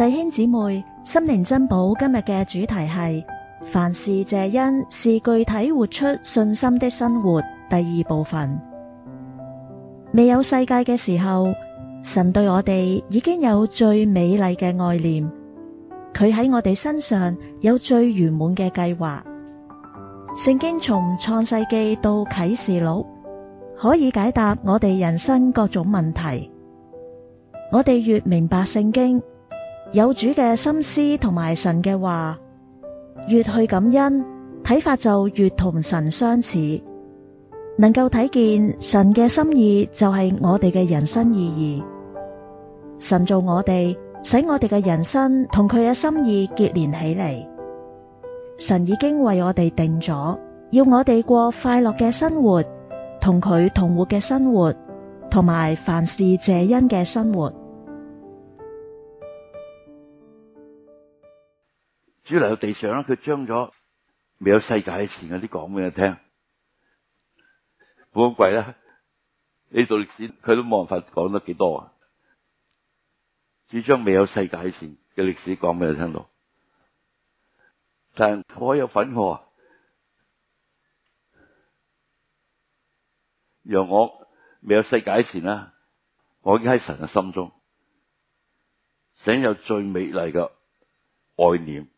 弟兄姊妹，心靈珍寶，今日嘅主題係凡事謝恩，是具體活出信心的生活。第二部分，未有世界嘅時候，神對我哋已經有最美麗嘅愛念，佢喺我哋身上有最圓滿嘅計劃。聖經從創世記到啟示錄，可以解答我哋人生各種問題。我哋越明白聖經。有主嘅心思同埋神嘅話，越去感恩，睇法就越同神相似，能夠睇見神嘅心意就係我哋嘅人生意義。神做我哋，使我哋嘅人生同佢嘅心意結連起嚟。神已經為我哋定咗，要我哋過快樂嘅生活，同佢同活嘅生活，同埋凡事謝恩嘅生活。主嚟到地上佢將咗未有世界以前嗰啲講俾佢聽，本乜鬼啦！呢度歷史佢都冇辦法講得幾多啊，主將未有世界以前嘅歷史講俾佢聽到。但係我有份啊：「讓我未有世界以前啦，我已經喺神嘅心中，想有最美麗嘅愛念。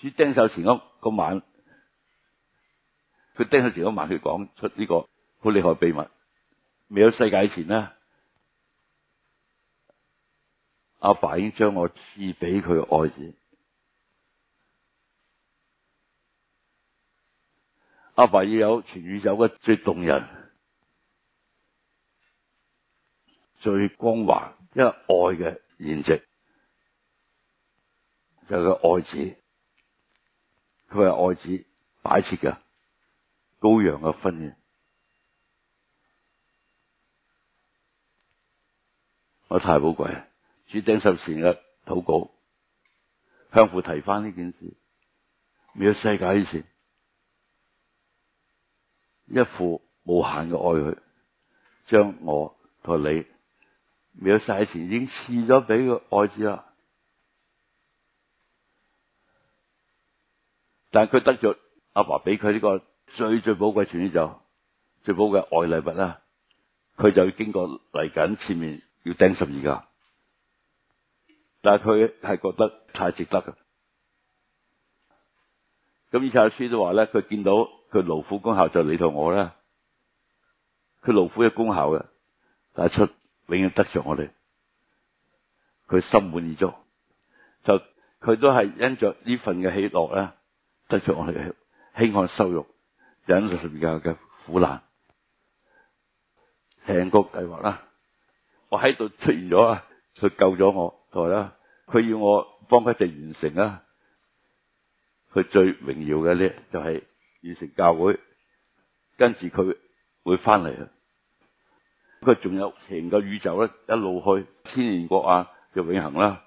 似丁守前嗰晚，佢丁守前嗰晚，佢講出呢個好厲害秘密。未有世界前咧，阿爸，爸已經將我賜俾佢嘅愛子。阿爸，爸要有全宇宙嘅最動人、最光華，因為愛嘅現值就係、是、個愛子。佢係愛子擺設噶，羔羊嘅婚宴。我太寶貴，主釘十字嘅禱告，向父提翻呢件事，未有世界以前，一副無限嘅愛去將我同你，未有世界以前已經賜咗俾個愛子啦。但佢得着阿爸俾佢呢個最最寶貴、最最最寶貴愛禮物啦，佢就要經過嚟緊前面要頂十字架，但係佢係覺得太值得噶。咁以賽亞書都話咧，佢見到佢勞苦功效就你同我啦，佢勞苦嘅功效嘅，但係出永遠得着我哋，佢心滿意足，就佢都係因着呢份嘅喜樂咧。得著我哋嘅輕看羞辱，忍受上教嘅苦難。成個計劃啦，我喺度出現咗啊，佢救咗我，話啦，佢要我幫佢哋完成啊，佢最榮耀嘅咧就係完成教會，跟住佢會翻嚟，佢仲有成個宇宙咧一路去千年國啊，就永恆啦。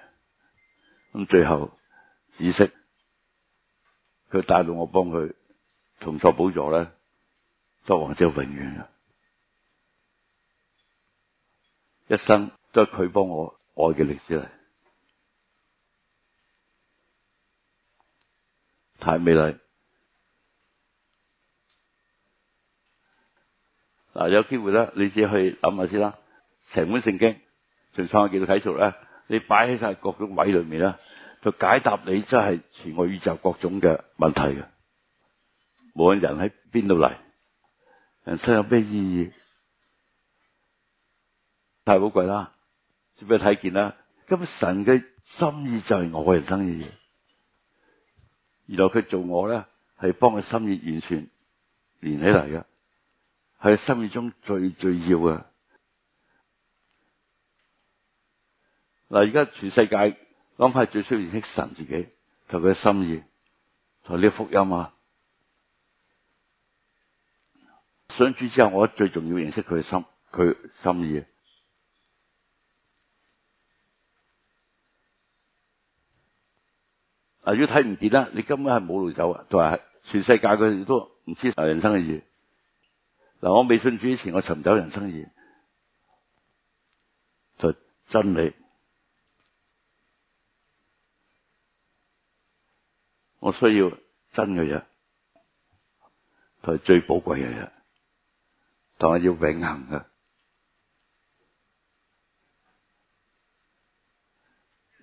咁最後，紫色佢帶到我幫佢重作寶座咧，作王後永遠嘅，一生都係佢幫我愛嘅歷史嚟，太美麗。嗱，有機會你只想想呢你自己去諗下先啦，成本聖經從創嘅幾度睇熟咧。你擺喺晒各種位裏面啦，就解答你真係全個宇宙各種嘅問題嘅。無論人喺邊度嚟，人生有咩意義，太寶貴啦，先俾睇見啦。咁神嘅心意就係我嘅人生意義，然後佢做我咧，係幫佢心意完全連起嚟嘅，係佢心意中最最要嘅。嗱，而家全世界諗係最需要認識神自己同佢嘅心意同呢啲、就是、福音啊！信主之後，我最重要認識佢嘅心，佢心意。嗱，如果睇唔見啦，你根本係冇路走啊！同埋全世界佢都唔知人生嘅嘢。嗱，我未信主之前，我尋找人生嘅意就是、真理。我需要真嘅嘢，同最寶貴嘅嘢，同埋要永恒嘅。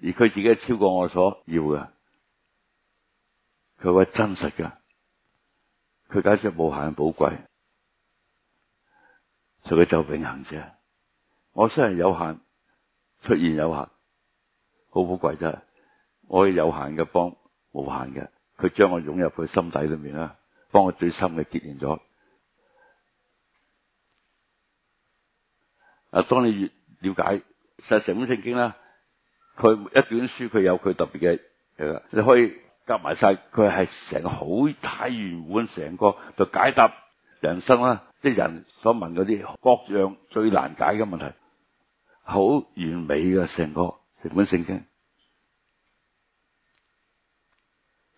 而佢自己超過我所要嘅，佢話真實嘅，佢解釋無限寶貴，就佢就永恒啫。我雖然有限出現有限，好寶貴真係，我可以有限嘅幫。無限嘅，佢將我湧入佢心底裏面啦，幫我最深嘅結連咗。啊，當你越了解，其實成本聖經啦，佢一段書佢有佢特別嘅，你可以夾埋晒，佢係成個好太圓滿，成個就解答人生啦，即係人所問嗰啲各樣最難解嘅問題，好完美嘅成個成本聖經。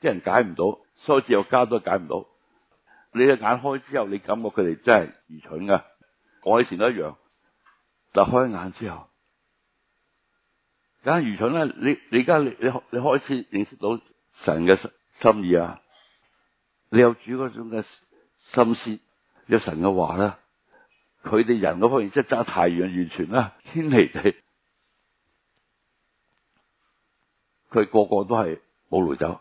啲人解唔到，所以只有加都解唔到。你嘅眼開之後，你感覺佢哋真係愚蠢噶。我以前都一樣，但開眼之後，梗係愚蠢啦。你你而家你你你開始認識到神嘅心意啊！你有主嗰種嘅心思，有神嘅話啦。佢哋人嗰方面真係差太遠完全啦，天離地，佢個個都係冇路走。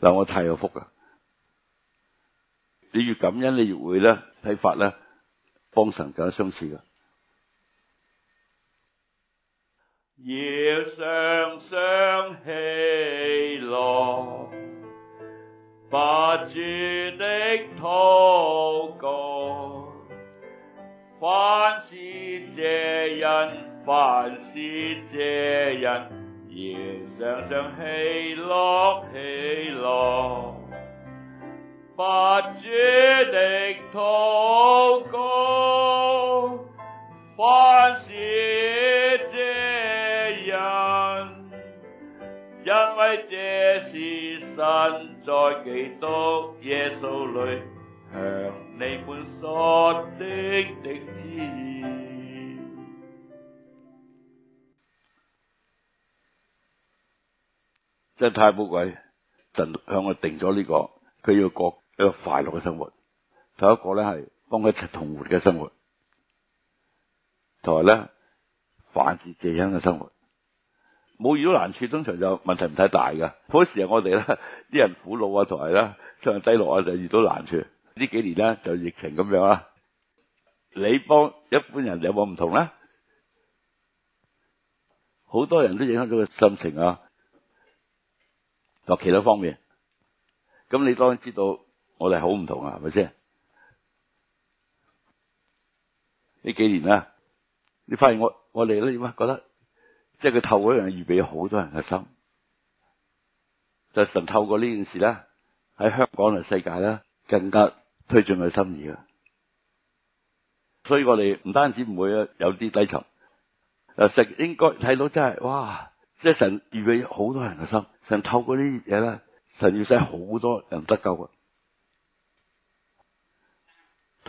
嗱，我太有福㗎！你越感恩，你越會呢睇法呢，方神更加相似㗎。要常常喜樂，不住的禱告，凡事謝恩，凡事謝恩。要常常喜樂喜樂，不住的禱告，凡事謝恩，因為這是神在基督耶穌裡向你們所定的。真係太寶貴就向我定咗呢、這個，佢要過一個快樂嘅生活。第一個咧係幫佢一同活嘅生活，同埋咧凡事謝恩嘅生活。冇遇到難處，通常就問題唔太大嘅。嗰時我哋咧啲人苦惱啊，同埋咧心情低落啊，就遇到難處。呢幾年咧就疫情咁樣啦，你幫一般人有冇唔同咧？好多人都影響咗個心情啊！其他方面，咁你當然知道我哋好唔同啊，係咪先？呢幾年啦，你發現我我哋都點啊？覺得即係佢透過一樣預備好多人嘅心，就係神透過呢件事咧，喺香港嘅世界咧，更加推進佢心意啊！所以我哋唔單止唔會有啲低沉，啊，實應該睇到真係哇！即係神預備好多人嘅心，神透過呢啲嘢咧，神要使好多人得救啊！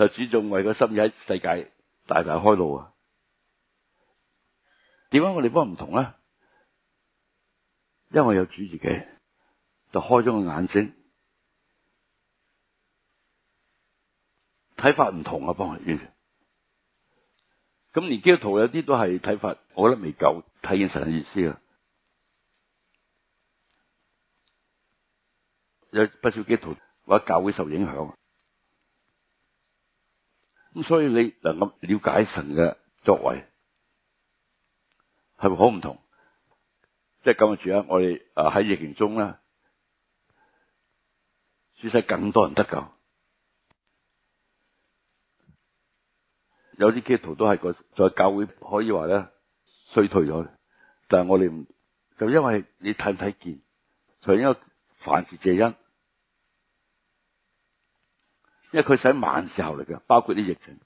主仲為個心喺世界大大開路啊！點解我哋幫唔同咧？因為我有主自嘅，就開咗個眼睛，睇法唔同啊！幫人，咁連基督徒有啲都係睇法，我覺得未夠睇見神嘅意思啊！有不少基督徒或者教會受影響，咁所以你能夠了解神嘅作為係咪好唔同？即係咁樣住啊，我哋啊喺疫情中咧，使使更多人得救，有啲基督徒都係個在教會可以話咧衰退咗，但係我哋就因為你睇唔睇見，就應該凡事謝恩。因為佢係慢時候嚟嘅，包括啲疫情。